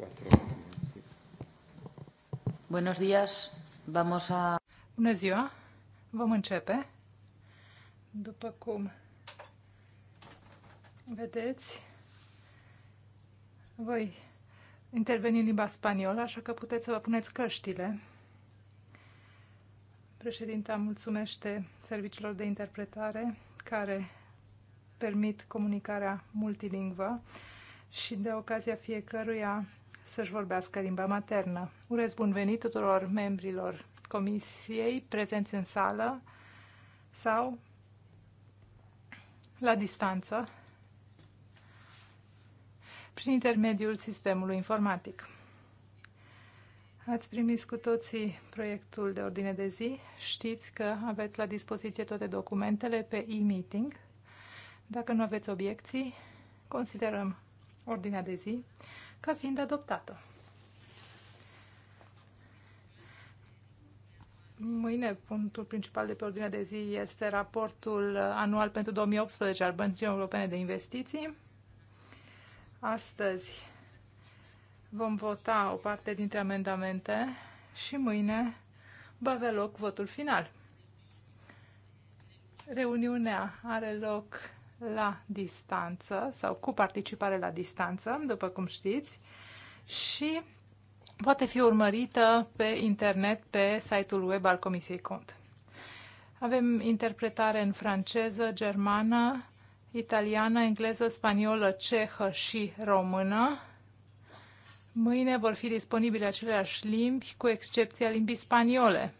Bună ziua. Vom începe. După cum vedeți, voi interveni în limba spaniolă, așa că puteți să vă puneți căștile. Președinta mulțumește serviciilor de interpretare care permit comunicarea multilingvă și de ocazia fiecăruia să-și vorbească limba maternă. Urez bun venit tuturor membrilor comisiei prezenți în sală sau la distanță prin intermediul sistemului informatic. Ați primit cu toții proiectul de ordine de zi. Știți că aveți la dispoziție toate documentele pe e-meeting. Dacă nu aveți obiecții, considerăm ordinea de zi ca fiind adoptată. Mâine, punctul principal de pe ordinea de zi este raportul anual pentru 2018 al Băncii Europene de Investiții. Astăzi vom vota o parte dintre amendamente și mâine va avea loc votul final. Reuniunea are loc la distanță sau cu participare la distanță, după cum știți, și poate fi urmărită pe internet pe site-ul web al Comisiei Cont. Avem interpretare în franceză, germană, italiană, engleză, spaniolă, cehă și română. Mâine vor fi disponibile aceleași limbi, cu excepția limbii spaniole.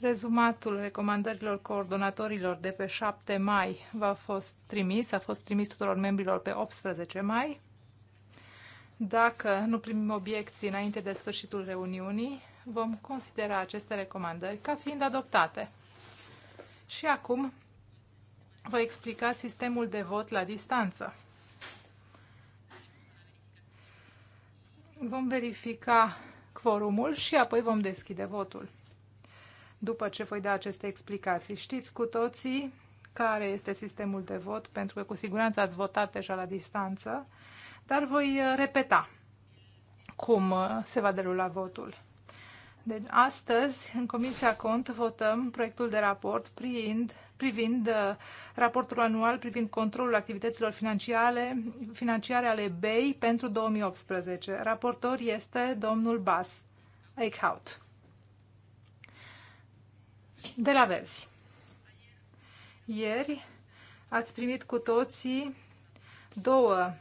Rezumatul recomandărilor coordonatorilor de pe 7 mai va fost trimis, a fost trimis tuturor membrilor pe 18 mai. Dacă nu primim obiecții înainte de sfârșitul reuniunii, vom considera aceste recomandări ca fiind adoptate. Și acum voi explica sistemul de vot la distanță. Vom verifica quorumul și apoi vom deschide votul după ce voi da aceste explicații. Știți cu toții care este sistemul de vot, pentru că cu siguranță ați votat deja la distanță, dar voi uh, repeta cum uh, se va derula votul. Deci, astăzi, în Comisia Cont, votăm proiectul de raport privind, privind uh, raportul anual privind controlul activităților financiare, financiare ale BEI pentru 2018. Raportor este domnul Bas Eichhout. De la Verzi. Ieri ați primit cu toții două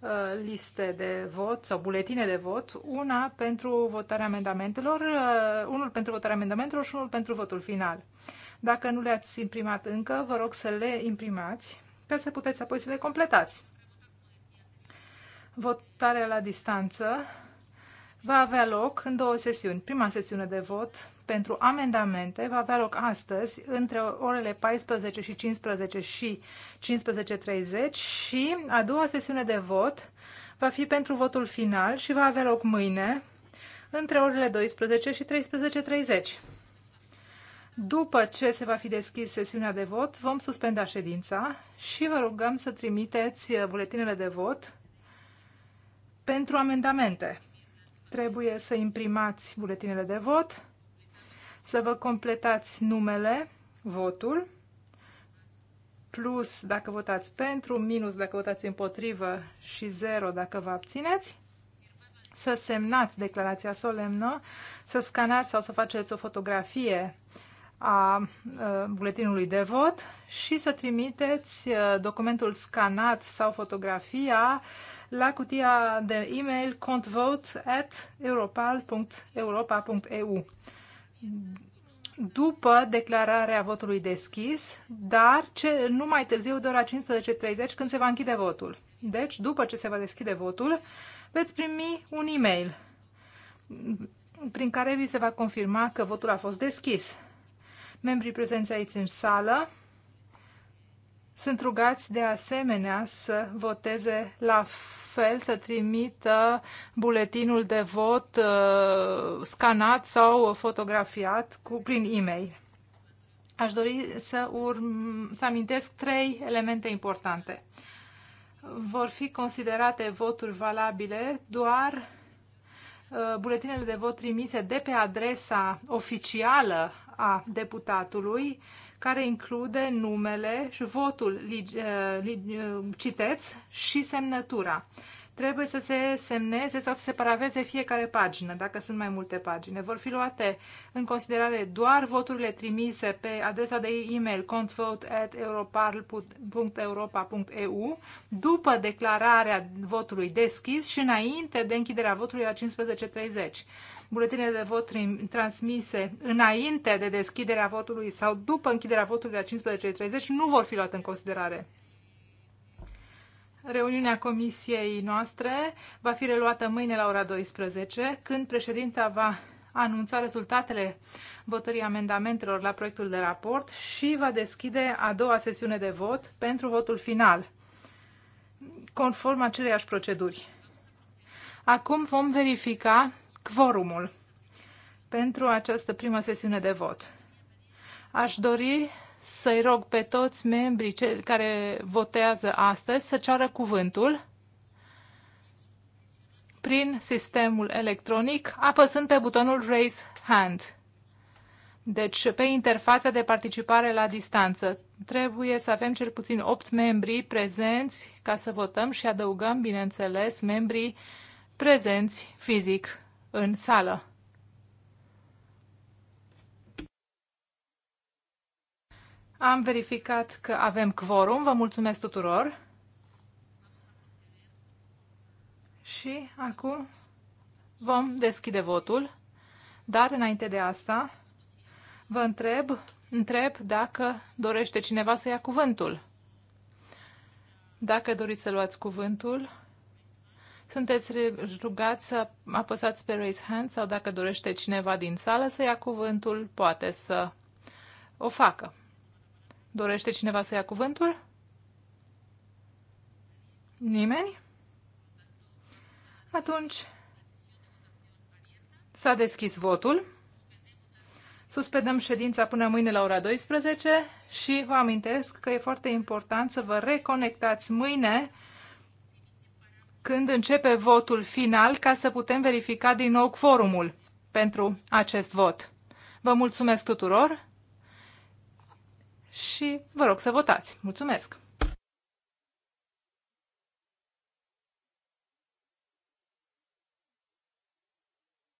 uh, liste de vot sau buletine de vot, una pentru votarea amendamentelor, uh, unul pentru votarea amendamentelor și unul pentru votul final. Dacă nu le-ați imprimat încă, vă rog să le imprimați ca să puteți apoi să le completați. Votarea la distanță va avea loc în două sesiuni. Prima sesiune de vot pentru amendamente va avea loc astăzi între orele 14 și 15 și 15.30 și a doua sesiune de vot va fi pentru votul final și va avea loc mâine între orele 12 și 13.30. După ce se va fi deschis sesiunea de vot, vom suspenda ședința și vă rugăm să trimiteți buletinele de vot pentru amendamente. Trebuie să imprimați buletinele de vot, să vă completați numele, votul, plus dacă votați pentru, minus dacă votați împotrivă și 0 dacă vă abțineți, să semnați declarația solemnă, să scanați sau să faceți o fotografie a buletinului de vot și să trimiteți documentul scanat sau fotografia la cutia de e-mail contvote at europal.europa.eu după declararea votului deschis, dar ce, nu mai târziu de ora 15.30 când se va închide votul. Deci, după ce se va deschide votul, veți primi un e-mail prin care vi se va confirma că votul a fost deschis. Membrii prezenți aici în sală sunt rugați de asemenea să voteze la fel, să trimită buletinul de vot uh, scanat sau fotografiat cu, prin e-mail. Aș dori să, urm, să amintesc trei elemente importante. Vor fi considerate voturi valabile doar Uh, buletinele de vot trimise de pe adresa oficială a deputatului, care include numele și votul, uh, uh, citeți, și semnătura trebuie să se semneze sau să se paraveze fiecare pagină, dacă sunt mai multe pagini. Vor fi luate în considerare doar voturile trimise pe adresa de e-mail contvote.europarl.europa.eu după declararea votului deschis și înainte de închiderea votului la 15.30. Buletinele de vot transmise înainte de deschiderea votului sau după închiderea votului la 15.30 nu vor fi luate în considerare. Reuniunea comisiei noastre va fi reluată mâine la ora 12, când președinta va anunța rezultatele votării amendamentelor la proiectul de raport și va deschide a doua sesiune de vot pentru votul final, conform aceleiași proceduri. Acum vom verifica quorumul pentru această primă sesiune de vot. Aș dori să-i rog pe toți membrii care votează astăzi să ceară cuvântul prin sistemul electronic, apăsând pe butonul Raise Hand. Deci, pe interfața de participare la distanță, trebuie să avem cel puțin 8 membri prezenți ca să votăm și adăugăm, bineînțeles, membrii prezenți fizic în sală. Am verificat că avem quorum. Vă mulțumesc tuturor. Și acum vom deschide votul. Dar înainte de asta, vă întreb, întreb dacă dorește cineva să ia cuvântul. Dacă doriți să luați cuvântul, sunteți rugați să apăsați pe raise hand sau dacă dorește cineva din sală să ia cuvântul, poate să o facă. Dorește cineva să ia cuvântul? Nimeni? Atunci s-a deschis votul. Suspendăm ședința până mâine la ora 12 și vă amintesc că e foarte important să vă reconectați mâine când începe votul final ca să putem verifica din nou quorumul pentru acest vot. Vă mulțumesc tuturor! și vă rog să votați. Mulțumesc!